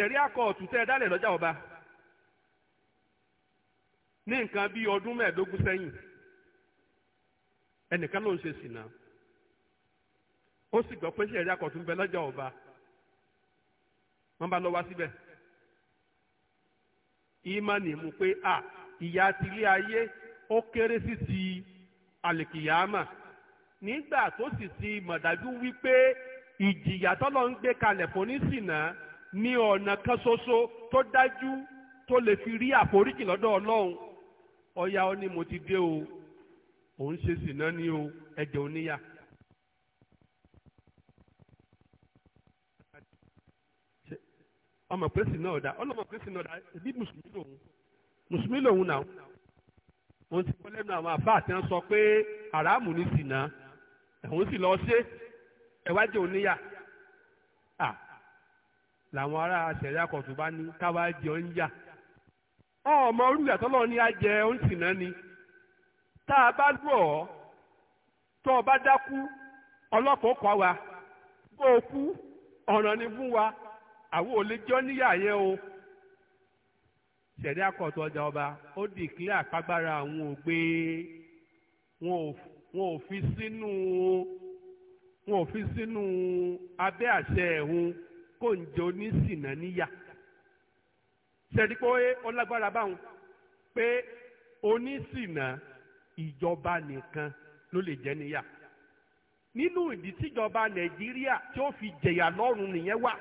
ṣẹ̀rí àkọ́ọ̀tù tẹ́ ẹ dálẹ̀ lọ́jà ọba ní nǹkan bíi ọdún mẹ́ẹ̀ẹ́dógún sẹ́yìn ẹnìkan ló ń ṣe sìnà ó sì gbọ́ pé ṣẹ̀rí àkọ́ọ̀tù ń bẹ lọ́jà ọba wọ́n bá lọ wá síbẹ̀ pé a ayé ó kéré sí ti nígbà tó sì ní ọ̀nà kan ṣoṣo tó dájú tó lè fi rí àforíjì lọ́dọ̀ ọlọ́run ọ̀yà mo ti dé o òun ṣe sìnà ní o ẹ̀jẹ̀ oníyà. ọmọ pẹ́sì náà dá ọlọ́mọ pẹ́sì náà dá ẹbí mùsùlùmí lòun mùsùlùmí lòun náà òun ti kọ́ lẹ́nu àwọn àbá àti sọ pé àràmù sì lọ ṣe ẹ̀wájú oníyà. làwọn ará àṣẹ̀dá kọ̀tún bá ní káwá jẹ ń yà ọmọ olùyà tọ́lọ́ ní ajẹ ó ń sì náà ni tá a bá lù ọ́ tó o bá dákú ọlọ́pàá kọ́ wa bó o kú ọ̀ràn ni fún wa àwọn ò lè jọ níyà yẹn o ṣẹ̀dá kọ̀tún ọjà ọba ó dìklẹ́ àpagbára àwọn ò wọn ò fi sínú wọn ò fi sínú abẹ́ àṣẹ ẹ̀hún kó ń jẹ onísìnà níyà ṣẹ́ni pé ó lágbára báwọn pé onísìnà ìjọba nìkan ló lè jẹ níyà nínú ìdí tíjọba nàìjíríà tí ó fi jẹ̀yà lọ́rùn nìyẹn wà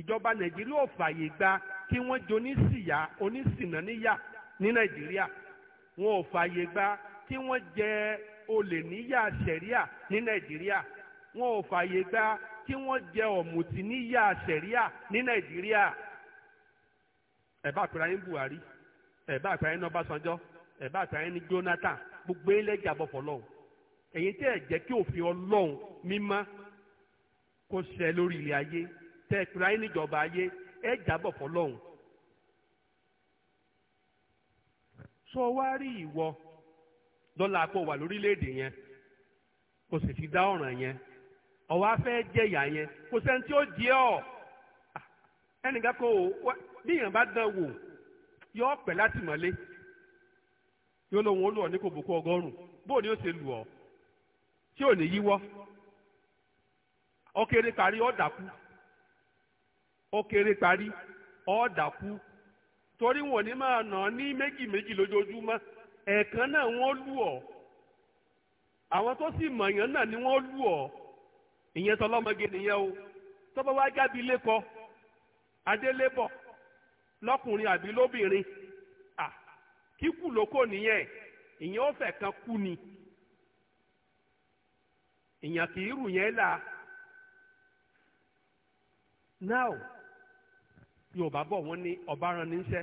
ìjọba nàìjíríà ò fààyè gba kí wọ́n jẹ onísìyà onísìnà níyà ní nàìjíríà wọn ò fààyè gba kí wọ́n jẹ olè níyà sẹ̀ríà ní nàìjíríà wọn ò fààyè gba tí wọ́n jẹ ọ̀mùtí níyà sẹ̀ríà ní nàìjíríà ẹ̀ bá àpẹẹrẹ ayé buhari ẹ̀ bá àpẹẹrẹ ayé ọbásanjọ́ ẹ̀ bá àpẹẹrẹ ayé ní jonathan gbogbo ilẹ̀ jàbọ̀ fọlọ́hún ẹ̀yin tẹ́ ẹ̀ jẹ́ kí òfin ọlọ́hun mímọ́ kó ṣẹ lórí ilẹ̀ ayé tẹ́ ẹ̀ pẹ̀lú ayé níjọba ayé ẹ̀ jàbọ̀ fọlọ́hún. sọ wá rí ìwọ lọ́la kó wà lórílẹ̀‐èdè yẹn kó sì fi dá ọ̀ràn yẹn ọwa fẹ́ jẹ ìyà yẹn kò sẹ́ni tí ó jẹ ọ́ ẹnìkan kò bí èèyàn bá dán wò yọ pẹ̀ láti mọ̀lé yóò lóun ó lù ní ní kòbókó ọgọ́rùn bóò ni ó ṣe lù ọ́ tí ò ní yíwọ́ ọkẹrẹ parí ọ dàkú parí dàkú torí wọn ní máa nà ní méjì méjì lójoojúmọ́ ẹ̀ẹ̀kan náà wọ́n lù ọ́ àwọn tó sì náà ni wọ́n lù ìyẹn tọlọ́mọge nìyẹn o tọ́ba wá jábí lẹ́kọ adélébọ̀ lọ́kùnrin àbí lóbìnrin à kíkù lóko nìyẹn ìyẹn ó fẹ́ kan kú ni ìyẹn kì í rù yẹn là now yorùbá ní ọba ran níṣẹ́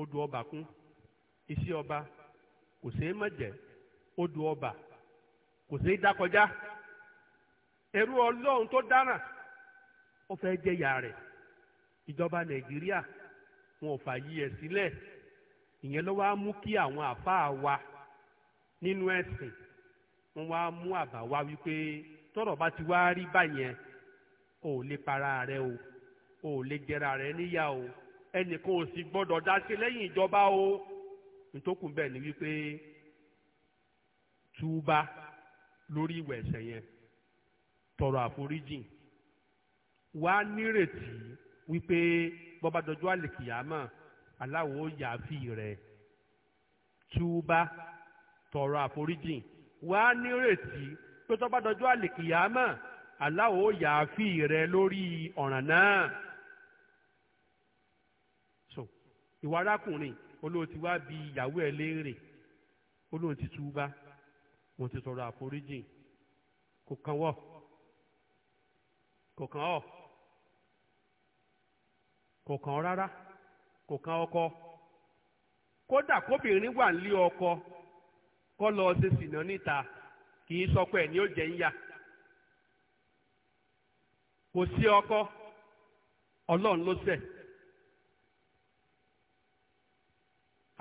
odò ọba kún iṣẹ́ ọba kò ọba kò ẹrú ọlọ́run tó dáràn ó fẹ́ jẹ̀yà rẹ̀ ìjọba nàìjíríà wọn ò fààyè ẹ̀ sílẹ̀ ìyẹn ló wá mú kí àwọn àfáà wa nínú ẹ̀sìn wọn wá mú àbá wá wípé tọ́rọ̀ bá ti wá rí báyẹn ò lè para rẹ o ò lè jẹra rẹ níyà o ẹnìkan ò sì gbọ́dọ̀ dá sí lẹ́yìn ìjọba o nítòkùn bẹ́ẹ̀ ni wípé túbá lórí ìwẹ̀ yẹn tọrọ àforíjìn wà á nírètí wípé bọ́bá dọjọ́ àlèkìyàmọ̀ aláwo yàáfì rẹ̀ túbá tọrọ àforíjìn wà á nírètí pé tọ́bá dọjọ́ àlèkìyàmọ̀ aláwo yàáfì rẹ̀ lórí ọ̀ràn náà. so ìwà arákùnrin olóhùn ti wá bi ìyàwó ẹ léèrè olóhùn ti túbá wọn ti tọrọ àforíjìn kò kàn kò kàn ọ́ kò kàn ọ́ rárá kò kàn ọkọ kódà kóbìnrin wà nílé ọkọ kọ lọ ṣe sìnà níta kì í sọ pé ẹni ó jẹ ń yà kò sí ọkọ ọlọrun ló ṣẹ̀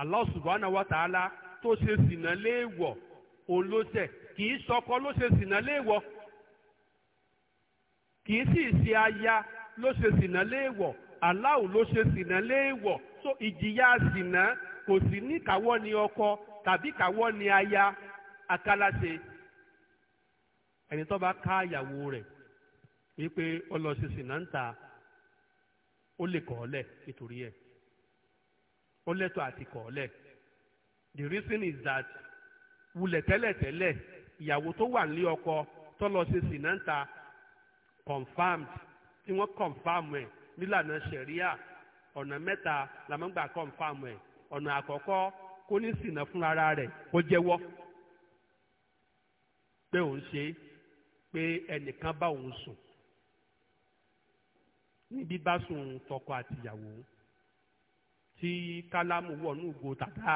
Allah subhanahu wa ta'ala tó ṣe sìnà léèwọ̀ òun ló ṣẹ̀ kì í sọkọ ló ṣe sìnà léèwọ̀. kì í sì ṣe aya ló ṣe sìnà léèwọ̀ aláwo ló ṣe sìnà léèwọ̀ so ìjìyà sìnà kò sí ní kàwọ́ ni ọkọ tàbí kàwọ́ ni aya akálàṣe ẹni tó bá ká ìyàwó rẹ̀ wípé ọlọ́sẹ̀ sìnà ń ta ó lè kọ́ ọ́ lẹ̀ nítorí ẹ̀ ó lẹ́tọ̀ àti kọ́ ọ́ the reason is that wulẹ̀ tẹ́lẹ̀tẹ́lẹ̀ ìyàwó tó wà ní ọkọ lọ tọ́lọ́sẹ̀ sìnà ń ta confirmed tí wọ́n confirm ẹ̀ nílànà ṣẹ̀ríà ọ̀nà mẹ́ta la máa ń gbà confirm ẹ̀ ọ̀nà àkọ́kọ́ kó ní sìnà fúnra rẹ̀ kó jẹ́wọ́ pé òun ṣe pé ẹnìkan bá òun sùn níbi bá sùn tọkọ àtìyàwó tí kálámù wọnú ìgò tàdá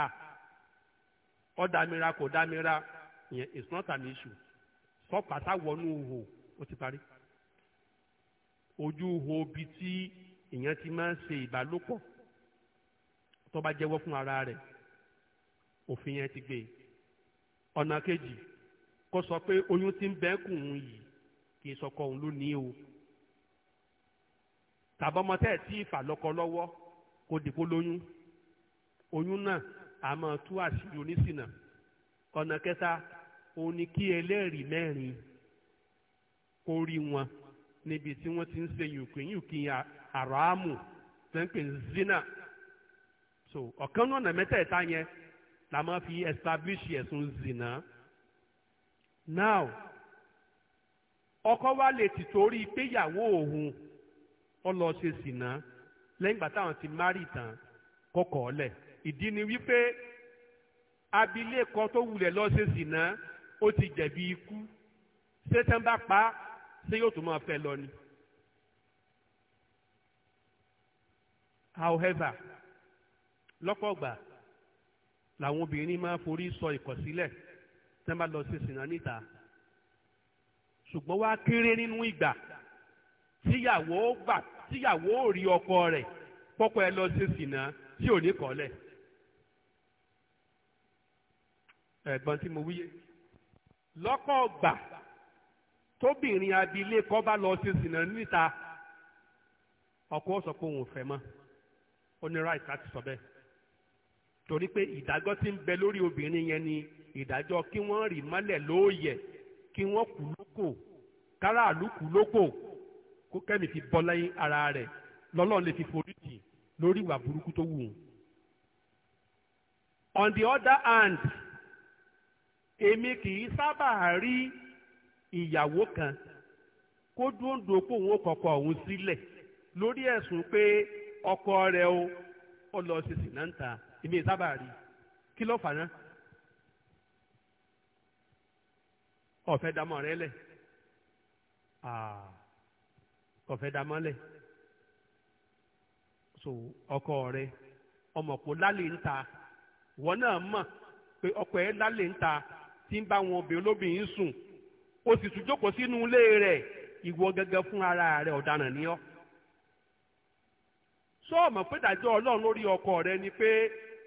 ọ dámira kò dámira ìyẹn it's not an issue sọpàtà wọnú ihò ó ti parí ojú ho bi tí èèyàn ti máa ń ṣe ìbálòpọ̀ tó bá jẹ́wọ́ fún ara rẹ̀ òfin yẹn ti gbé e ọ̀nà kejì kó sọ pé oyún ti ń bẹ́ẹ̀kùn òun yìí kì í sọkọ òun ló ní o tàbọ́mọ tí ìfà lọ́kọ lọ́wọ́ kó dìbò lóyún oyún náà a máa tú àṣírí oníṣìnà ọ̀nà kẹta òun ni kí ẹlẹ́rìí mẹ́rin kó rí wọn níbi tí wọ́n ti ń ṣe yùnkìn àràámù tó ń pè zina so ọ̀kan náà nà mẹ́tẹ̀ẹ̀ta yẹn la máa fi establish ẹ̀sùn zina now ọkọ wa lè ti torí pé ìyàwó òun ó lọ ṣe zina lẹ́yìn ìgbà táwọn ti márì tán kọkọ̀ ọ̀lẹ̀ ìdí ni wípé abilékọ tó wulẹ̀ lọ ṣe zina ó ti jẹ̀bi ikú ṣé tán bá pa á ṣé yóò tún máa fẹ́ lọ ni. however lọ́pọ̀ ọgbà làwọn obìnrin máa forí sọ ìkọ̀sílẹ̀ tẹ́ bá lọ sí sìnà níta ṣùgbọ́n wá kéré nínú ìgbà tíyàwó gbà tíyàwó ò rí ọkọ rẹ̀ pọ́pọ́ ẹ lọ sí sìnà tí ò ní kọ́lẹ̀. ẹ̀gbọ́n tí mo wíyé lọ́pọ̀ ọgbà tóbìnrin abilékọ bá lọ sí sìnà níta ọkọ sọ pé òun ò fẹ́ mọ́ ó ní right láti sọ bẹ́ẹ̀ torí pé ìdájọ́ tí ń bẹ lórí obìnrin yẹn ni ìdájọ́ kí wọ́n rì mọ́lẹ̀ lóòyẹ̀ kí wọ́n kú lóko káràlú kú lóko kó kẹ́mi fi bọ́ lẹ́yìn ara rẹ̀ lọ́lọ́run lè fi forí jì lórí ìwà burúkú tó wù on the other hand èmi kì í sábà rí ìyàwó kan kó dóńdó pé òun ó òun lórí ọkọ rẹ o ó lọ sí sìnà ń ta rí kí ló fà náà ọ̀fẹ́ ah rẹ lẹ̀ so ọkọ rẹ ọmọ kò lálẹ́ nta náà mọ̀ ọkọ o sì tún jókòó sínú ilé rẹ̀ ìwọ gẹ́gẹ́ fún ara rẹ̀ ọ̀daràn ni ọ́ sọ́ọ̀mọ̀ pé dájọ́ ọlọ́run lórí ọkọ rẹ ni pé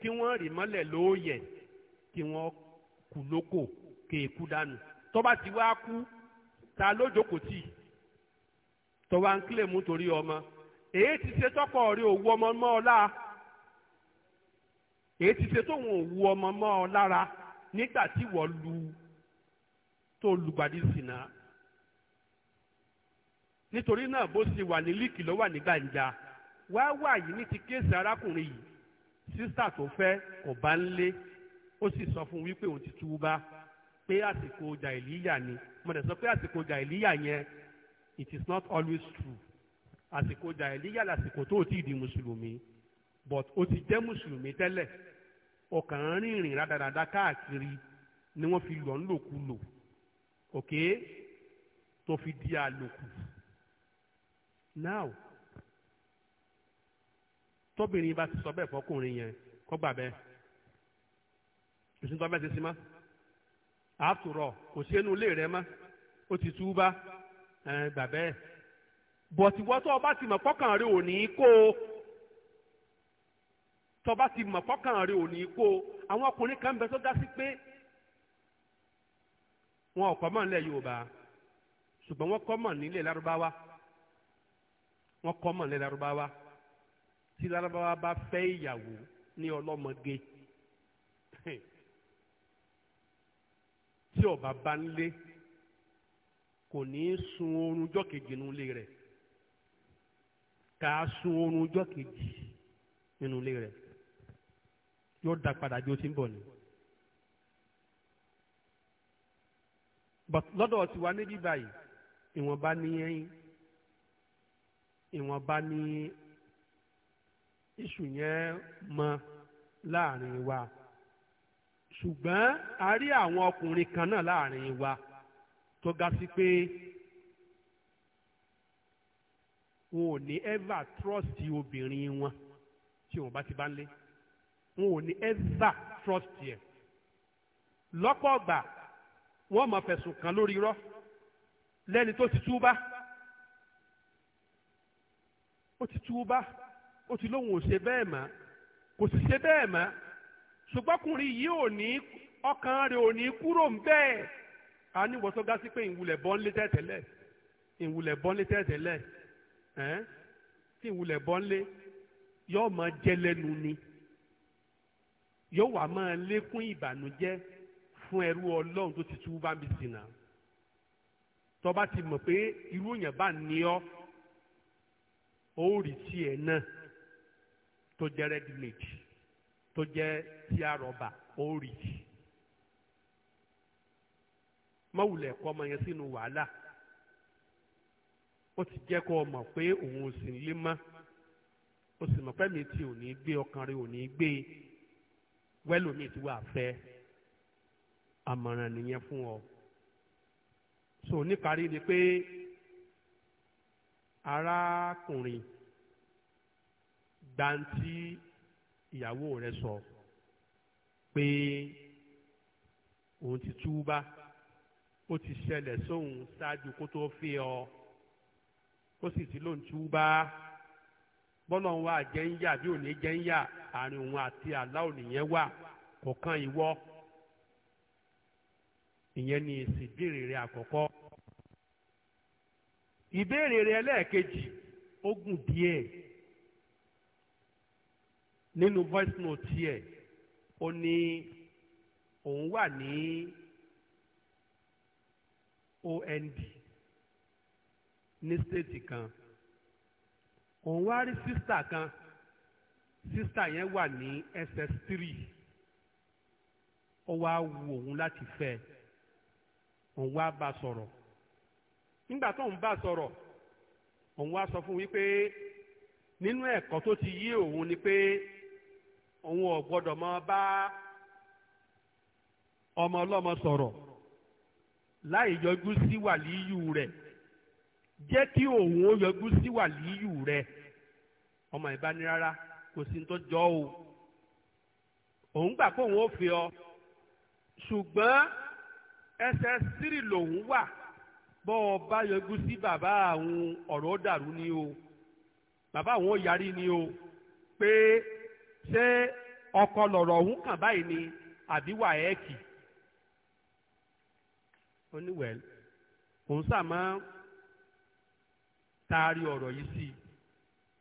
kí wọ́n rì mọ́lẹ̀ lóòyẹ̀ kí wọ́n kú lóko kéèkú e dànù tó bá ti wá kú ta ló jókòó tì tó wá torí ọmọ èyí ti ṣe tọkọ rẹ òwú ọmọ mọ́ ọ láà èyí ti ṣe tóun òwú ọmọ mọ́ ọ lára nígbà tí wọ́n lu tó lùgbàdì sìnà nítorí náà bó ṣe wà ní líìkì ló wà ní gbàǹjà wá wà yìí ní ti kéèsì arákùnrin yìí sísà tó fẹ́ kò bá ń lé ó sì sọ fún wípé òun ti túbá pé àsìkò jàìlíyà ni mo dẹ̀ sọ pé àsìkò jàìlíyà yẹn it is not always true àsìkò jàìlíyà lásìkò tó ti di mùsùlùmí but ó ti jẹ́ mùsùlùmí tẹ́lẹ̀ ọkàn rìnrìn rádaràda káàkiri ni wọ́n fi lọ́nlòkulò ok tó fi di àlòkù now tóbìnrin bá ti sọ bẹ́ẹ̀ fọkùnrin yẹn kó gbà bẹ́ẹ̀ ìsúntọ́ bẹ́ẹ̀ ti sin mọ́ after all kò sí ẹnu ilé rẹ mọ́ ó ti tú bá gbà bẹ́ẹ̀ bọ̀tí wọ́n tó ọba ti mọ̀ kọ́kàn rẹ ò kó o tọ́ba ti mọ̀ kọ́kàn rẹ ò ní kó o àwọn ọkùnrin kan bẹ tó dá sí pé wọn ò kọ́mọ̀ nílẹ̀ yorùbá ṣùgbọ́n wọ́n kọ́mọ̀ nílẹ̀ lárúbáwá wọ́n kọ́mọ̀ nílẹ̀ lárúbáwá tí lárúbáwá bá fẹ́ ìyàwó ní ọlọ́mọge tí ọba bá ń lé kò ní í sun oorun ọjọ́ kejì nínú ilé rẹ̀ kà sun oorun ọjọ́ nínú ilé rẹ̀ yóò dá padà bí ti ń bọ̀ ni. but lọ́dọ̀ tiwa níbí báyìí ìwọ̀nba ní ẹyin ìwọ̀nba ní iṣu yẹn mọ láàrin wa ṣùgbọ́n a rí àwọn ọkùnrin kan náà láàrin wa tó ga sí pé wọn ò ní ever trust obìnrin wọn tí wọn bá ti bá ń lé wọn ò ní ever trust yẹ lọ́pọ̀ ọgbà wọ́n máa fẹ̀sùn kàn lórí irọ́ lẹ́ni tó ti túbá ó ti túbá ó ti lóun ò ṣe bẹ́ẹ̀ mọ́ kò sì ṣe bẹ́ẹ̀ mọ́ ṣùgbọ́kùnrin yìí ò ní ọkàn rẹ̀ ò ní kúrò ń bẹ́ẹ̀ a ní wọ́n tó sí pé ìwúlẹ̀ bọ́ ń lé tẹ́tẹ́lẹ̀ ìwúlẹ̀ bọ́ ń lé tẹ́tẹ́lẹ̀ ẹ́n tí ìwúlẹ̀ bọ́ ń lé yóò máa jẹ lẹ́nu ni yóò wá máa lékún ìbànújẹ́ fún ẹrú ọlọ́run tó ti tú bá mi sìn náà tọba ti mọ̀ pé irú èèyàn bá ní ọ́ ó rí tiẹ̀ náà tó jẹ́ ready made tó jẹ́ tí a rọ̀bà ó rí i mọ̀wùlẹ̀ kọ́ ọmọ yẹn sínú wàhálà ó ti jẹ́ kó o mọ̀ pé òun ò sì nílé mọ́ ó sì mọ̀ pé mi ti ò ní gbé ọkàn rẹ̀ ò ní gbé wẹ́lòmíì tí wàá fẹ́ àmọ̀ràn nìyẹn fún ọ so níparí ni pé arákùnrin gbantí ìyàwó rẹ sọ pé òun ti túbá ó ti ṣẹlẹ̀ sóun ṣáájú kó tó fẹ́ ọ ó sì ti lóun túbá bọ́lọ̀ ń wá jẹ́ ń yà bí òní jẹ́ ń yà àárín òun àti àlá òní yẹn wà kọ̀ọ̀kan ìwọ ìyẹn ni èsì ìbéèrè rẹ àkọ́kọ́ ìbéèrè rẹ ẹlẹ́ẹ̀kejì ó gùn díẹ̀ nínú voice note yẹ ó ní òun wà ní OND ní stéètì kan òun wá rí sísítà kan sísítà yẹn wà ní SS3 ó wá wu òun láti fẹ́ ẹ. òun wá bá sọ̀rọ̀ nígbà tó ń bá sọ̀rọ̀ òun wá sọ fún wípé nínú ẹ̀kọ́ tó ti yí òun ni pé òun ò gbọ́dọ̀ máa bá ọmọ ọlọ́mọ sọ̀rọ̀ láì yọjú sí wàlíyù rẹ̀ jẹ́ kí òun ó yọjú sí wàlíyù rẹ̀ ọmọ ìbáni rárá kò sí tó jọ o òun gbà pé òun ó fi ọ ṣùgbọ́n ẹsẹ̀ sírì lòun wà bọ́ ọ bá yọjú sí bàbá àwọn ọ̀rọ̀ dàrú ni o bàbá àwọn yarí ni o pé ṣé ọkọ lọ̀rọ̀ ọ̀hún kàn báyìí ni àbí wà kì ó ní wẹ̀l òun sàmọ́ taari ọ̀rọ̀ yìí sí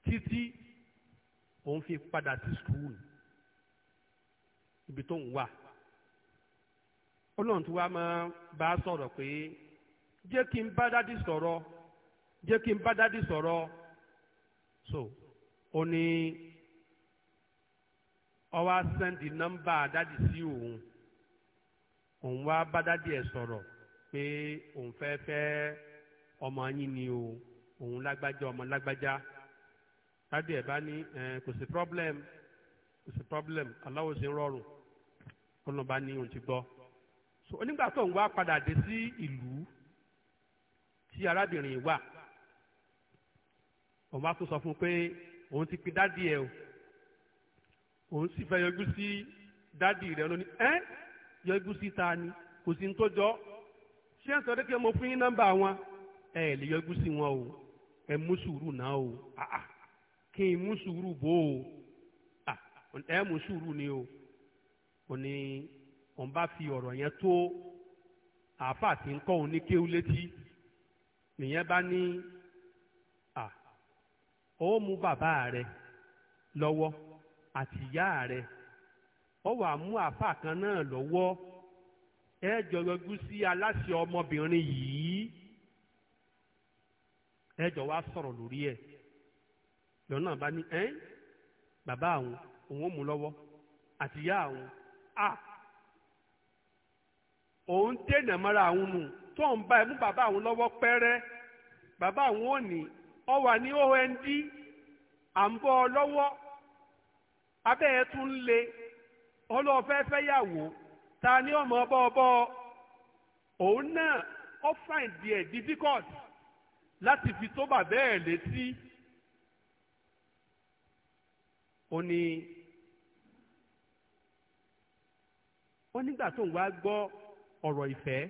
títí òun fi padà sí skul ibi tó ń wà ọlọ́run tó wá máa bá a sọ̀rọ̀ pé jẹ́ kí n bá dádì sọ̀rọ̀ jẹ́ kí n bá dádì sọ̀rọ̀ so ó ní ó wá sẹ́ndì nọ́mbà dádì sí òun òun wá bá dádì ẹ̀ sọ̀rọ̀ pé òun fẹ́ fẹ́ ọmọ yín ni o òun lágbájá ọmọ lágbájá dádì ẹ̀ bá ní kò sí problem kò sí problem aláwo sí rọrùn kó ló bá ní òun ti gbọ́ so onígbà tó ń wá padà dé sí ìlú tí arábìnrin wà òun wá tún sọ fún un pé òun ti pin dádì ẹ o òun sì fẹ́ yọjú sí dádì rẹ lónìí ẹ́ yọjú sí ta ni kò sí ní tó jọ ṣé ń sọ pé mo fún yín nọ́mbà wọn ẹ lè yọjú sí wọn o ẹ mú sùúrù náà o àà kí n mú sùúrù bò ó ẹ mú sùúrù ni o ò òun bá fi ọ̀rọ̀ yẹn tó àáfàá tí ń kọ́ òun ní kéwú létí nìyẹn bá ní à ó mú bàbá rẹ lọ́wọ́ àti ìyá rẹ ó wàá mú àáfàá kan náà lọ́wọ́ ẹ jọ yọjú sí aláṣẹ ọmọbìnrin yìí ẹ jọ wá sọ̀rọ̀ lórí ẹ̀ lọ́nà bá ní ẹ́ bàbá àwọn òun ó mú lọ́wọ́ àti ìyá àwọn a. Ah òun dènà mara àwọn nù tó ń bá ẹmú bàbá àwọn lọ́wọ́ pẹ́rẹ́ bàbá àwọn ò ní ọ wà ní ond à ń bọ́ ọ lọ́wọ́ abẹ́ ẹ tún le ọlọ́ọ̀fẹ́ fẹ́yàwó ta ni ọmọ bọ́ọ̀bọ́ òun náà ó find díẹ̀ difficult láti fi tó bàbá ẹ̀ létí ó ní ó nígbà tó ń wá gbọ́ ọ̀rọ̀ ìfẹ́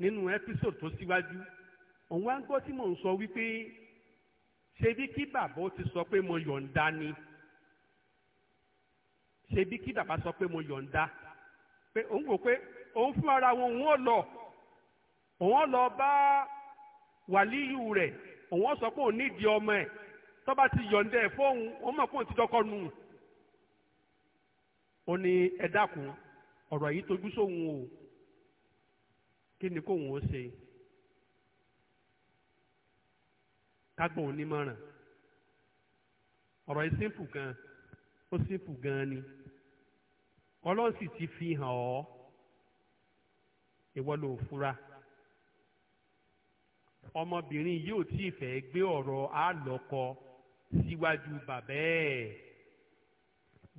nínú ẹ́písòdù tó síwájú òun wá ń gbọ́ tí mò ń sọ wípé ṣebí kí bàbá ó ti sọ pé mo yọ̀ǹda ni ṣebí kí bàbá sọ pé mo yọ̀ǹda pé òun wò pé òun fún ara wọn òun ò lọ òun ò lọ bá wàlíyù rẹ̀ òun ò sọ pé òun nídìí ọmọ ẹ̀ tó bá ti yọ̀ǹda ẹ̀ fóun òun mọ̀ pé òun ti dọ́kọ́ nù. ó ní ẹ dákun ọ̀rọ̀ yìí tojú sóhun o kí ni kóhun ó ṣe kágbọ́n onímọ̀ràn ọ̀rọ̀ yìí símpù gan ó símpù gan ni ọlọ́run sì ti fi hàn ọ́ ìwọ ló fura ọmọbìnrin yìí ò tí ì fẹ́ gbé ọ̀rọ̀ àlọ́kọ síwájú bàbá ẹ̀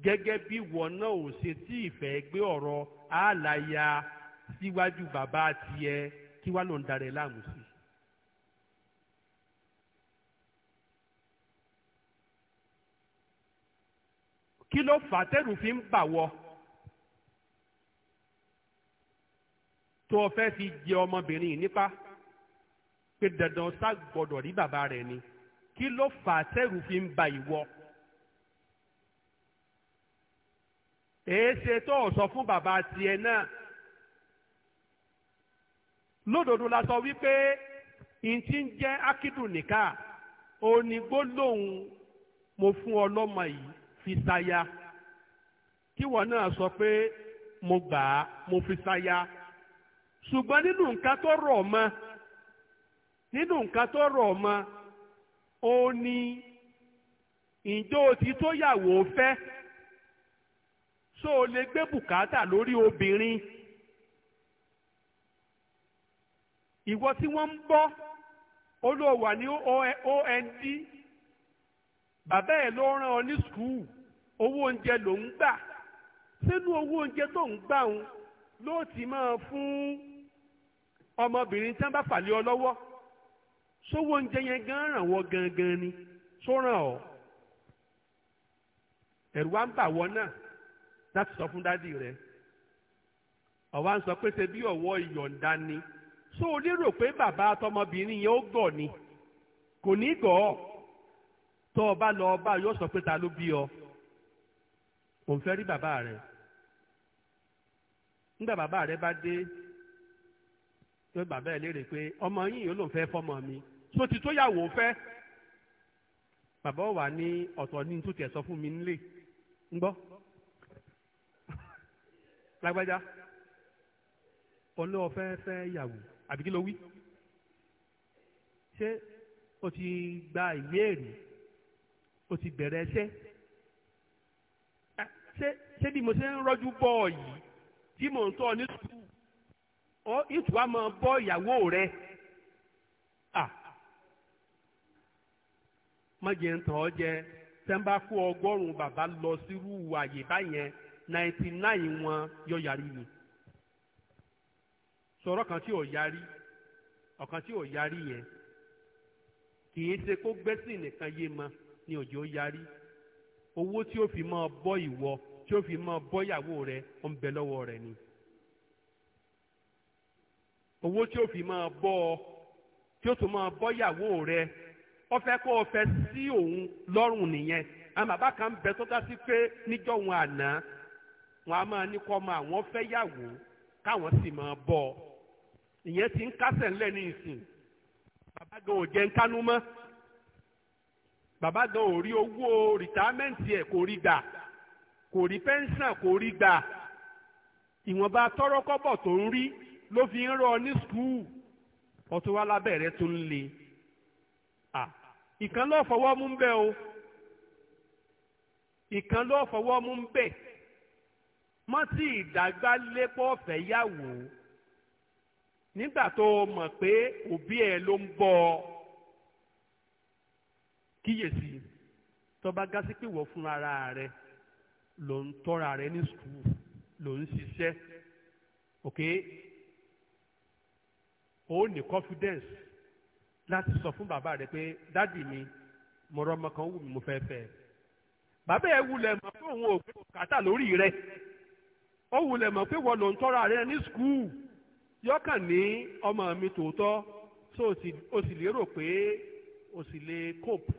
gẹ́gẹ́ bí wọ́n náà ò ṣe tí ìfẹ́ gbé ọ̀rọ̀ àlàyé síwájú bàbá tiẹ̀ kí wàá ló ń darẹ̀ láàmú sí. kí ló fà tẹ́rù fi ń bà wọ́ tó o fẹ́ fi jẹ ọmọbìnrin nípa pé dandan sá gbọ́dọ̀ rí bàbá rẹ̀ ni kí ló fà tẹ́rù fi ń bà ìwọ. èéṣe tó o sọ fún bàbá tiẹ̀ náà lódodo la sọ wípé ìtì ń jẹ́ ákídùn nìka onígbólóhùn mo fún ọ lọ́mọ yìí fi ṣaya kí wọ́n náà sọ pé mo gbà á mo fi saya ṣùgbọ́n nínú nǹkan tó rọ̀ mọ́ nínú nǹkan tó rọ̀ mọ́ ó ní ìjọ òtítọ́ yàwó fẹ́. so o lè gbé bùkátà lórí obìnrin ìwọ tí wọ́n ń bọ́ olówà ní ond bàbá ẹ̀ ló rán ọ ní skul owó oúnjẹ ló ń gbà sínú owó oúnjẹ tó ń gbà ń ló ti máa fún ọmọbìnrin tí wọ́n bá fà ọ lọ́wọ́ sówó oúnjẹ yẹn gan ràn wọ́ gangan ni tó ràn ọ́ ẹ̀rù wa ń bà wọ́ náà. láti sọ fún dádì rẹ ọ̀wá ń sọ pé ṣe bí ọ̀wọ́ ìyọ̀ǹda ni ṣó o lérò pé bàbá àtọmọbìnrin yẹn ó gọ̀ ni kò ní gọ̀ ọ́ tó o bá lọ ọba yóò sọ pé ta ló bí ọ òun fẹ́ rí bàbá rẹ nígbà bàbá rẹ bá dé pé bàbá ẹ léèrè pé ọmọ yín yóò lòun fẹ́ fọmọ mi tó ti tó yàwó fẹ́ bàbá wà ní ọ̀tọ̀ ní tó tiẹ̀ sọ fún mi nílé ń gbọ́ lágbájá ọlọ́ọ̀fẹ́ fẹ́ yàwó àbí kí ló wí ṣé o ti gba ìwé ẹ̀rí o ti bẹ̀rẹ̀ ẹṣẹ́ ṣé ṣé bí mo ṣe ń rọ́jú bọ́ ọ yìí tí mò ń tọ́ ní sùkúù ọ ìtura máa bọ́ ìyàwó rẹ à ń tàn ọ́ jẹ tẹ́ ń ọgọ́rùn-ún bàbá lọ sírú àyè báyẹn ninety nine wọn yọ yarí ni sọ̀rọ̀ kan tí ò yarí ọ̀kan tí ò yarí yẹn kì í ṣe kó gbẹ́sìn nìkan yé ma ni òjò yarí owó tí ó fi máa bọ́ ìwọ tí ó fi máa bọ́ ìyàwó rẹ ó ń bẹ lọ́wọ́ rẹ ni owó tí ó fi máa bọ́ ọ tí ó tún máa bọ́ ìyàwó rẹ ó fẹ́ kó o fẹ́ sí òun lọ́rùn nìyẹn àwọn kan bẹ tó sí pé níjọ́ òun àná wọn a máa ní kọ́ ọmọ àwọn fẹ́ yàwó káwọn sì máa bọ̀ ọ́ ìyẹn ti ń kásẹ̀ ńlẹ̀ ní ìsìn bàbá gan ò jẹ́ ń kánú mọ́ bàbá gan ò rí owó rìtámẹ́ǹtì ẹ̀ kò rí gbà kò rí pẹ́ńsàn kò rí gbà ìwọ̀nba tọ́rọ́kọ́bọ̀ tó ń rí ló fi ń rọ ní skul ọtún wá lábẹ́rẹ́ tó ń le ìkan lọ́ọ́ fọwọ́ mú bẹ́ o ìkan lọ́ọ́ fọwọ́ mú bẹ́ẹ̀ mọ́ tí ìdàgbà lépọ̀ ọ̀fẹ́ yàwó nígbà tó o mọ̀ pé òbí ẹ ló ń bọ̀ ọ kíyèsí tó bá gásí rẹ ló ń tọ́ra rẹ ní sùkúù ló ń ṣiṣẹ́ ok ó ní confidence láti sọ fún bàbá rẹ pé dádì mi mo rọ ọmọ kan wù mí mo fẹ́ fẹ́ bàbá ẹ wulẹ̀ mọ̀ fún òun òkú kàtà lórí rẹ. ó wulẹ̀ mọ̀ pé wọ́n ló ń tọ́ra rẹ ní skul yọkàn ní mi tòótọ́ so o sì lérò pé o sì lè cope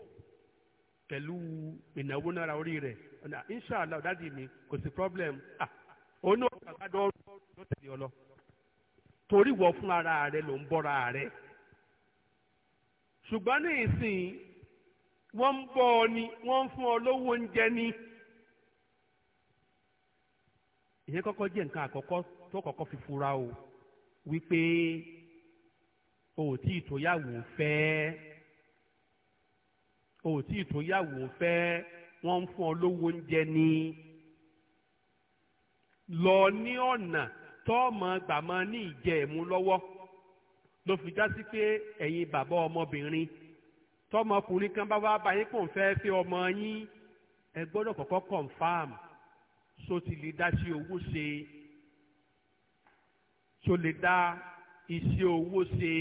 pẹ̀lú ìnáwó náírà orí rẹ̀ ọ̀nà inshàlá ọdadi mi kò sí problem ah òun náà ló tẹ̀lé ọ lọ torí wọ fún ara rẹ ló ń bọ́ra rẹ ṣùgbọ́n ní ìsìn wọ́n ń bọ́ ni wọ́n ń fún ọ lówó oúnjẹ ni. ìyẹn kọ́kọ́ jẹ́ nǹkan àkọ́kọ́ tó kọ́kọ́ fi fura o wípé o ò tí ì tó yàwó fẹ́ o ò tí ì tó yàwó fẹ́ wọ́n ń fún ọ lówó oúnjẹ ni lọ ní ọ̀nà tọ́ọ̀mọ gbàmọ́ ní ìjẹ́ ẹ̀mú lọ́wọ́ ló fi já sí pé ẹ̀yin bàbá ọmọbìnrin tọ́mọkùnrin kan bá wá báyìí kò ń fẹ́ fi ọmọ yín ẹ gbọ́dọ̀ kọ́kọ́ confam so ti lè dá sí owó ṣe so lè dá iṣẹ́ owó ṣe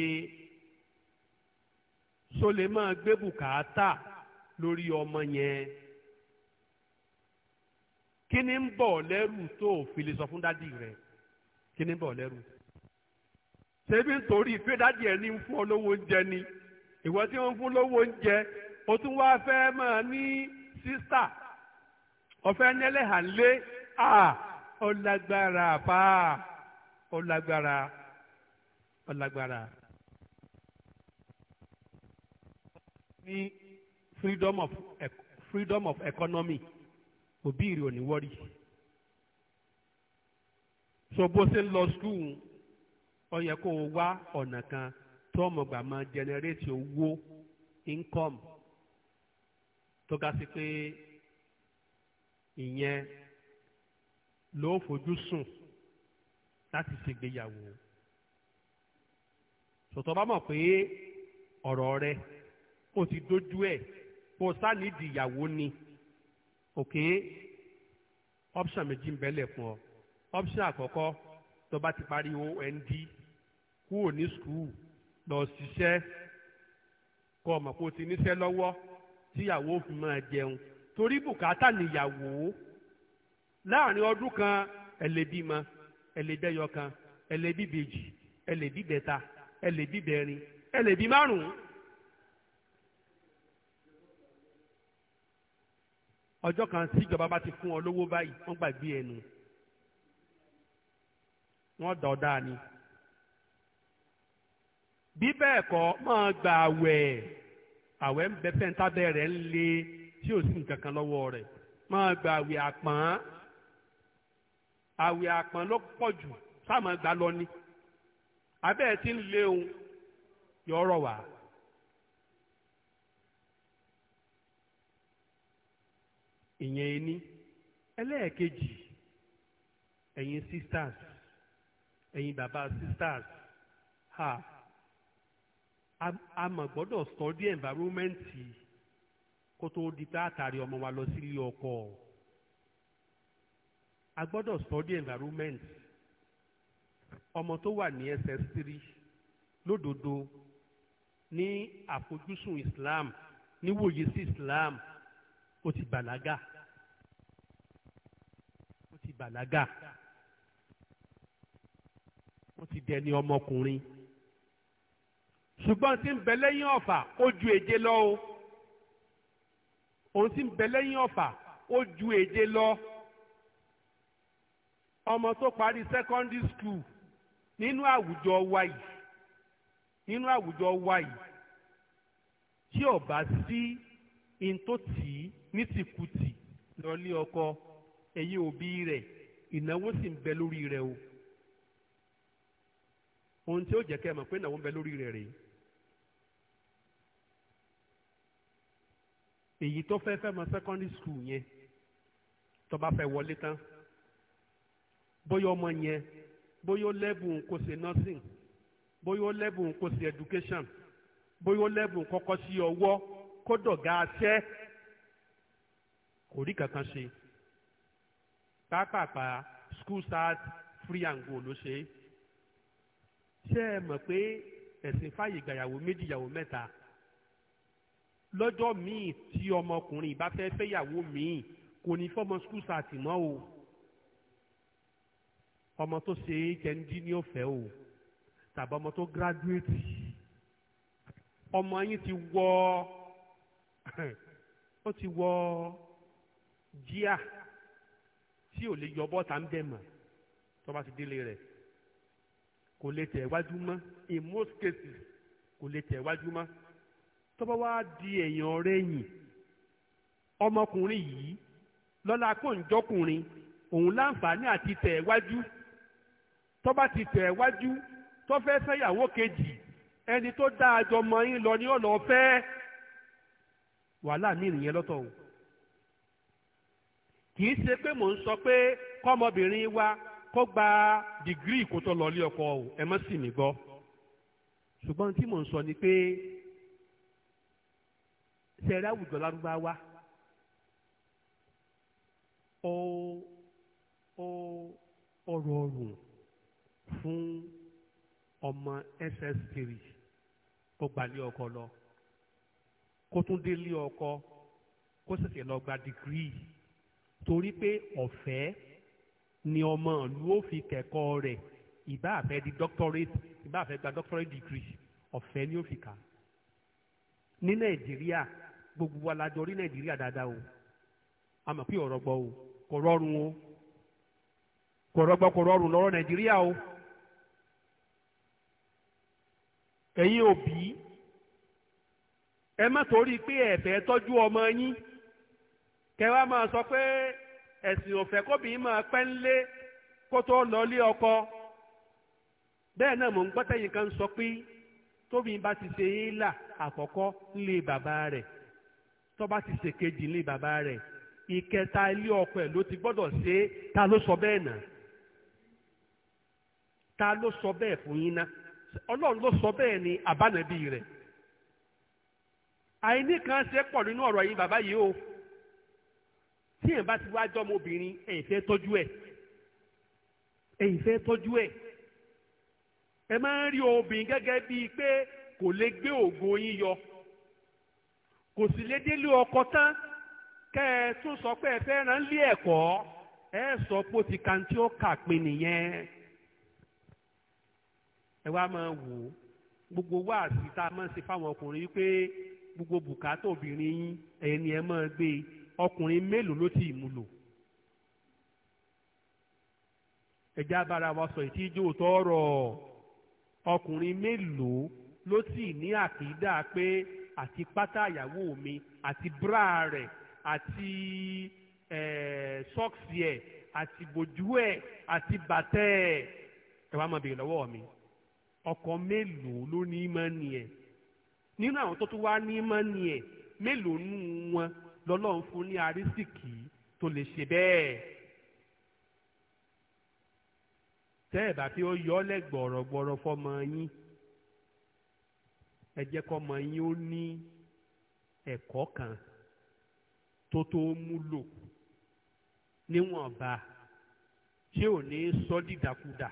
so lè máa gbé bùkátà lórí ọmọ yẹn kí ni ń bọ̀ lẹ́rù tó fi lè sọ fún dádì rẹ̀ kí ni ń bọ̀ lẹ́rù ṣebí nítorí pé dádì ẹ̀ ní ń fún ọ lówó oúnjẹ ni ìwọ tí wọ́n ń fún lówó oúnjẹ o tún wá fẹ́ máa ní sísà ọ̀fẹ́ nẹ́lẹ́hà lé à ọ̀làgbára àbá ọ̀làgbára ọ̀làgbára ní freedom of freedom of economy òbí rẹ ò ní wọ́rí so bó ṣe ń lọ skul ó yẹ kó o wá ọ̀nà kan tó ọmọ gbà máa generate owó income tó ga sí pé ìyẹn ló fojú sùn láti ṣègbéyàwó sọ̀tọ̀ bá mọ̀ pé ọ̀rọ̀ rẹ ó ti dójú ẹ̀ kó sá nídìí ìyàwó ni òkè option méjì ń bẹ́lẹ̀ fún ọ option àkọ́kọ́ tó bá ti parí OND kúrò ní skul lọ ṣiṣẹ́ kó o mọ̀ pé o ti níṣẹ́ lọ́wọ́ tíyàwó fi máa jẹun torí bùkátà níyàwó láàrin ọdún kan ẹlẹ́bímọ ẹlẹ́bẹ́yọ kan ẹlẹ́bíbejì ẹlẹ́bíbẹ́ta ẹlẹ́bíbẹ́rin ẹlẹ́bímárùn. ọjọ́ kan síjọba bá ti fún ọ lówó báyìí wọ́n gbàgbé ẹnu wọ́n dọ̀ dáa ni. bí bẹ́ẹ̀ kọ́ máa gba àwẹ̀ àwẹ̀ ń bẹ fẹ́ńtà rẹ̀ ń lé. tí o sí nǹkan kan lọ́wọ́ rẹ̀ máa gba àwẹ̀ àpọ́n àwẹ̀ àpọ́n ló pọ̀ jù sáàmà gbà lọ ni abẹ́ ẹ̀ ti ń lé òun yọ ọ̀rọ̀ wá. ìyẹn ẹni ẹlẹ́ẹ̀kejì ẹ̀yin sisters ẹ̀yin bàbá sisters ha a mọ̀ gbọ́dọ̀ study environment yìí kó tó di pé àtàrí ọmọ wa lọ sílé ọkọ a gbọ́dọ̀ study environment ọmọ tó wà ní ss3 lódodo ní àfojúsùn Islam níwòye sí Islam ó ti bàlágà ó ti bàlágà ó ti dẹni ọmọkùnrin ṣùgbọ́n tí ń bẹ lẹ́yìn ọ̀fà ó ju èje lọ òun sì ń bẹ lẹ́yìn ọ̀fà ó ju èje lọ ọmọ tó parí secondary school nínú àwùjọ wa yìí nínú àwùjọ wa yìí tí ò bá sí in tó tì í ní tìkùtì lọlé ọkọ ẹ̀yin òbí rẹ̀ ìnáwó sì ń bẹ lórí rẹ̀ o ohun tí ó jẹ́ kẹ́ ẹ pé ìnáwó ń bẹ lórí rẹ̀ rèé. èyí tó fẹ́ fẹ́ mọ secondary school yẹn tó bá fẹ́ wọlé tán bóyá ọmọ yẹn bóyá ó lẹ́bùn kó ṣe nursing bóyá ó lẹ́bùn kó ṣe education bóyá ó lẹ́bùn kọ́kọ́ sí ọwọ́ kó dọ̀gá aṣẹ́ kò rí kankan ṣe pápápá school start free and go ló ṣe é ṣé ẹ mọ̀ pé ẹ̀sìn fàyè gbàyàwó méjì yàwó mẹ́ta lọ́jọ́ míì tí ọmọkùnrin bá fẹ́ fẹ́yàwó míì kò ní fọ́mọ skul sáàtì mọ́ o ọmọ tó ṣe jẹ́ndí ní ọ̀fẹ́ o tàbí ọmọ tó gíráduétì ọmọ yín ti wọ ó ti wọ jíà tí ò lè yọ bọ́ta ń bẹ̀ mọ́ tó bá ti délé rẹ̀ kò lè tẹ̀ wájú mọ́ in most cases kò lè tẹ̀ wájú mọ́ tó bá wá di ẹ̀yàn ọ̀rẹ́ yìn ọmọkùnrin yìí lọ́la kóńjọ́kùnrin òun láǹfààní àti tẹ̀ wájú tó bá ti tẹ̀ wájú tó fẹ́ fẹ́yàwó kejì ẹni tó dá àjọ mọ yín lọ ní ọ̀nà ọ̀fẹ́ wàhálà mi nìyẹn lọ́tọ̀ o kì í ṣe pé mò ń sọ pé kọ́mọbìnrin wa kó gba dìgírì kó tó lọ ilé ọkọ o ẹ má sì gbọ́ ṣùgbọ́n tí mò ń sọ ni pé sẹ̀rí àwùjọ lárúbáwá ó ó ó rọrùn fún ọmọ ss kiri kó gbalé ọkọ lọ kó tún délé ọkọ kó ṣẹ̀ṣẹ̀ lọ gba dìgírì torí pé ọ̀fẹ́ ni ọmọ ìlú ó fi kẹ́kọ̀ọ́ rẹ̀ ìbá àfẹ́ di doctorate ìbá àfẹ́ gba doctorate degree ọ̀fẹ́ ni ó fi kà ní nàìjíríà gbogbo wa la jọ rí o a mọ̀ pé o kò rọrùn o kò gbọ kò rọrùn lọ́rọ̀ nàìjíríà o eyin òbí ẹ má torí pé ẹ̀fẹ́ tọ́jú ọmọ yín kẹwàá máa sọ pé ẹ̀sìn òfẹ́ kóbìnrin máa pẹ́ ń lé kó tó lọ lé ọkọ bẹ́ẹ̀ náà mò ń gbọ́ tẹ́yìn kan sọ pé tóbìnrin ti ṣe é là ń lé bàbá tó bá ti ṣèkejì ní bàbá rẹ̀ ìkẹta ilé ọkọ ẹ̀ ló ti gbọ́dọ̀ ṣe é ta ló sọ bẹ́ẹ̀ náà ta ló sọ bẹ́ẹ̀ fún yín ná ọlọ́run ló sọ bẹ́ẹ̀ ni àbánẹ́bí rẹ̀ àìní kan ṣe pọ̀ nínú ọ̀rọ̀ yìí bàbá yìí o tí èèyàn bá ti wá jọ́ ọmọbìnrin ẹ̀yin fẹ́ tọ́jú ẹ̀ ẹ̀yin fẹ́ tọ́jú ẹ̀ ẹ máa ń rí obìnrin gẹ́gẹ́ bíi pé kò lè gbé ògo yín yọ kò sì lè délé ọkọ tán kẹ́ ẹ tún sọ pé ẹ fẹ́ rán lé ẹ̀kọ́ ẹ sọ pé ó ti kan tí ó kà pé nìyẹn ẹ wá máa wò ó gbogbo wáàsí tá a máa ń ṣe fáwọn ọkùnrin wípé gbogbo bùkátà obìnrin yín ẹni ẹ máa gbé e. ọkùnrin mélòó ló ti mú lò ẹjá bára wa sọ ìtí ijó tọrọ ọkùnrin mélòó ló sì ní àkídà pé àti pátá ìyàwó mi àti bra rẹ̀ àti sọ́ọ̀sì ẹ̀ àti bòjú ẹ̀ àti bàtẹ́ ẹ̀ ẹ wá máa bèèrè lọ́wọ́ mi ọkọ mélòó ló ní mọ́ni ẹ̀ nínú àwọn tó tún wá ní mọ́ni ẹ̀ mélòó nù wọn lọ́lọ́run fún ní arísìkì tó lè ṣe bẹ́ẹ̀ tẹ́ ẹ̀ bá fi ó yọ ọ́ lẹ́gbọ̀rọ̀gbọ̀rọ̀ fọmọ yín ẹ jẹ́ kọ́mọ yín ó ní ẹ̀kọ́ kan tó tó múlò níwọ̀nba tí ò ní sọ dídàkudà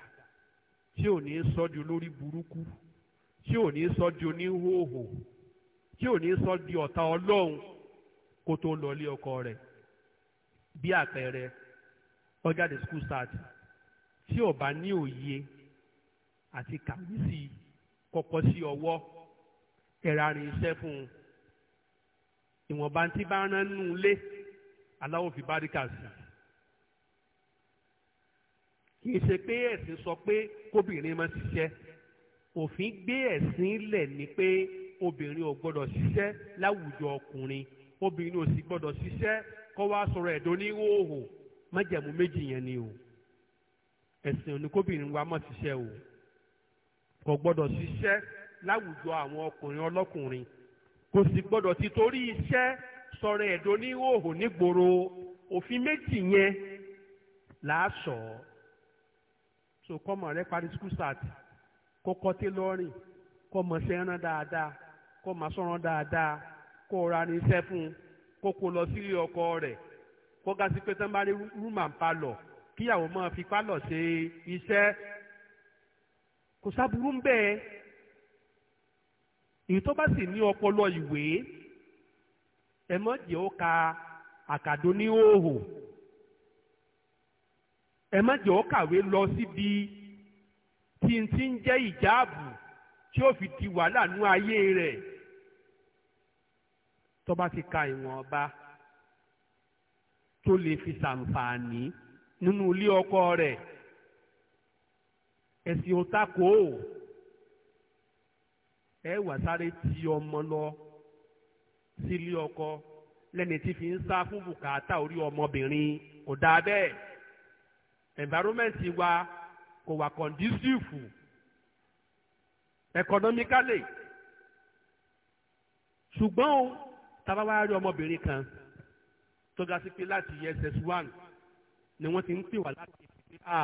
tí ò ní sọ di olórí burúkú tí ò ní sọ di oníhòòhò tí ò ní sọ di ọ̀tá ọlọ́run kó tó lọ ilé ọkọ rẹ̀ bí àpẹẹrẹ ọjàde school start tí ò ní òye àti kàwé sí kọ́kọ́ sí ọwọ́ kẹra rìn iṣẹ́ fún un ìwọ̀nba tí bá rán nù lé aláwọ̀ fi báríkà sí kì í ṣe pé ẹ̀sìn sọ pé kóbìnrin máa ṣiṣẹ́ òfin gbé ẹ̀sìn lẹ̀ ni pé obìnrin ò gbọ́dọ̀ ṣiṣẹ́ láwùjọ ọkùnrin obìnrin ò sì gbọ́dọ̀ ṣiṣẹ́ kó wá sọ̀rọ̀ ẹ̀dọ́ ní hóhò májẹ̀mú méjì yẹn ni o ẹ̀sìn oníkóbìnrin wa máa ṣiṣẹ́ o kò gbọ́dọ̀ ṣiṣẹ́ láwùjọ àwọn ọkùnrin ọlọ́kùnrin kò sì gbọ́dọ̀ ti torí iṣẹ́ sọ̀rọ̀ ẹ̀dọ́ ní ìhòòhò nígboro òfin méjì yẹn làásọ̀ so kọ́mọ rẹ parí skul start kó kọ́ tẹ́lọ́rìn kó mọ̀ sẹ́ran dáadáa kó mọ̀ sọ́ran dáadáa kó ra ní iṣẹ́ fún un kó kó lọ sílé ọkọ rẹ̀ kó ga sí pé tán bá rí rúmà ń palọ̀ kíyàwó máa fi pálọ̀ ṣe iṣẹ́ kò sábúrú ń bẹ́ẹ̀ èyí tó bá sì ní ọpọlọ ìwé ẹ má jẹ́ ó ka àkàdó ní òòhò ẹ má jẹ́ ó kàwé lọ síbi tí n ti ń jẹ́ ìjáàbù tí ó fi di wàhálà nú ayé rẹ̀ tó bá ti ka ìwọ̀nba tó lè fi ṣàǹfààní nínú ilé ọkọ rẹ̀ ẹ̀sìn ò ó ẹ wà sáré ti ọmọ lọ sílé ọkọ lẹ́ni tí fi ń sá fún bùkátà orí ọmọbìnrin kò dáa bẹ́ẹ̀ environment wa kò wà conducive economically ṣùgbọ́n o tábà wá rí ọmọbìnrin kan tó ga sí pé láti ss one ni wọ́n ti ń pè wá láti ṣe à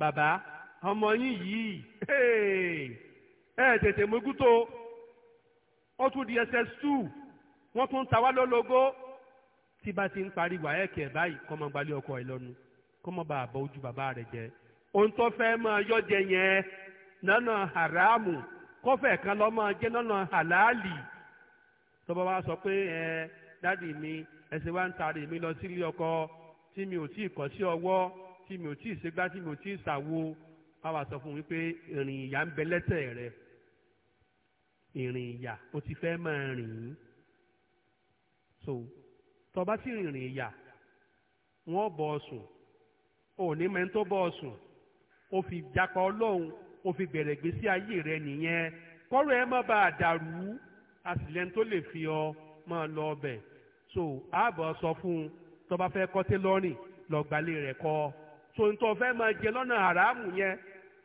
bàbá ọmọ yín yìí ẹ tètè mójútó ó tún di ss2 wọ́n tún ta wá lólogó tí bá ti ń parí wàhẹ́kẹ̀ báyìí kọ́ mọ gbalẹ̀ ọkọ ẹ̀ lọ́nu kọ́ mọ bá a bọ́ ojú bàbá rẹ̀ jẹ ohun tó fẹ́ máa yọjẹ yẹn lọ́nà haramu kọ́fẹ̀ kan lọ́ máa jẹ́ lọ́nà halali tọ́ba wa sọ pé ẹ dádì mi ẹsẹ̀ wa ń taari mi lọ sílé ọkọ tí mi ò tí ì kọ́ sí ọwọ́ tí mi ò tí ì ṣègbà tí mi ò tí ì ṣàwo báwa sọ fún mi pé ìrìn ìyá ń bẹ lẹ́sẹ̀ rẹ̀ ìrìn ìyà o ti fẹ́ máa rìn yín so tọba ti ìrìn ìyà wọn bọ̀ ọ sùn ò ní mẹ́ni tó ọ sùn fi japa ọlọ́run o fi bẹ̀rẹ̀ gbèsè ayé rẹ nìyẹn kọ́rọ̀ ẹ má bàa dàrú àtìlẹ́yìn tó lè fi ọ máa lọ ọbẹ̀ so ààbọ̀ sọ fún un fẹ́ kọ́ tẹ́lọ́rìn lọ́gbàlẹ̀ rẹ̀ kọ́ so nítorí fẹ́ máa jẹ lọ́nà yẹn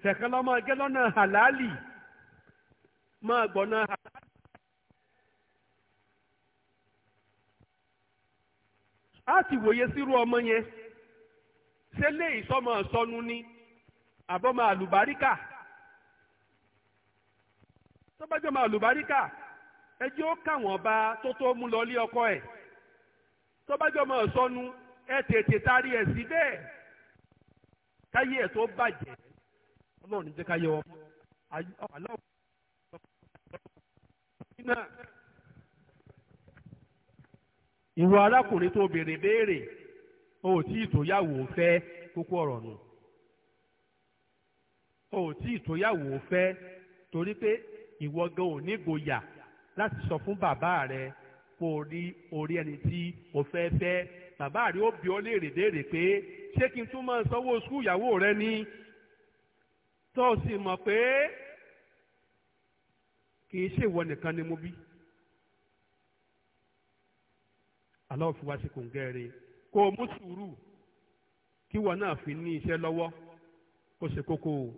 fẹ̀kẹ́ jẹ lọ́nà máa gbọ́ná ha. a ti wòye sírú ọmọ yẹn ṣé lé ìsọmọ sọnù ni àbọ̀mọ àlùbáríkà tọ́bájọ́mọ àlùbáríkà ẹjẹ́ ó káwọn bá tó tó mú lọ lé ọkọ ẹ̀ tọ́bájọ́mọ sọnù ẹ tètè tarí ẹ̀ sí bẹ́ẹ̀ káyé ẹ̀ tó bàjẹ́ ọlọ́run ní jẹ́ káyé ọmọ aláwọ̀ fitna ìwọ arákùnrin tó béèrè béèrè o ò tí ìtòyàwó fẹ́ kókó ọ̀rọ̀ nù o ò tí ìtòyàwó fẹ́ torí pé ìwọ gan ò ní gòyà láti sọ fún bàbá rẹ kó o rí orí ẹni tí o fẹ́ fẹ́ bàbá rẹ ó bi ọ́ léèrè béèrè pé ṣé kí n tún máa sanwó sùkúù ìyàwó rẹ ni tó o sì mọ̀ pé kì í ṣèwọ nìkan ni mo bí aláwọ̀ fi wá sí kòǹgẹ́ rẹ̀ kó o mú sùúrù kí wọn náà fi ní iṣẹ́ lọ́wọ́ kó ṣe kókó o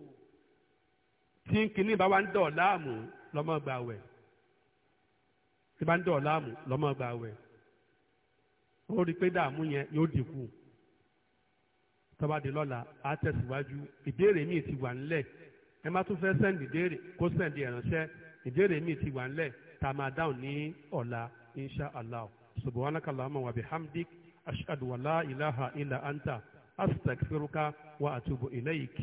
tí kìíní bá wá ń dọ̀ láàmú lọ́mọ gbà wẹ̀ tí bá ń dọ̀ láàmú lọ́mọ gbà wẹ̀ ó rí i pé dààmú yẹn yóò dínkù tó lọ́la á tẹ̀síwájú ìbéèrè míì ti wà ńlẹ̀ ẹ má tún fẹ́ sẹ́ǹdì ìbéèrè kó sẹ́ǹdì ẹ̀ránṣẹ́ ìbéèrè mi ti wà ńlẹ̀ tá a máa dáhùn ní ọ̀la insha allah subhanaka allahumma wa bihamdik ashhadu wa la ilaha illa anta astaghfiruka wa atubu ilayk.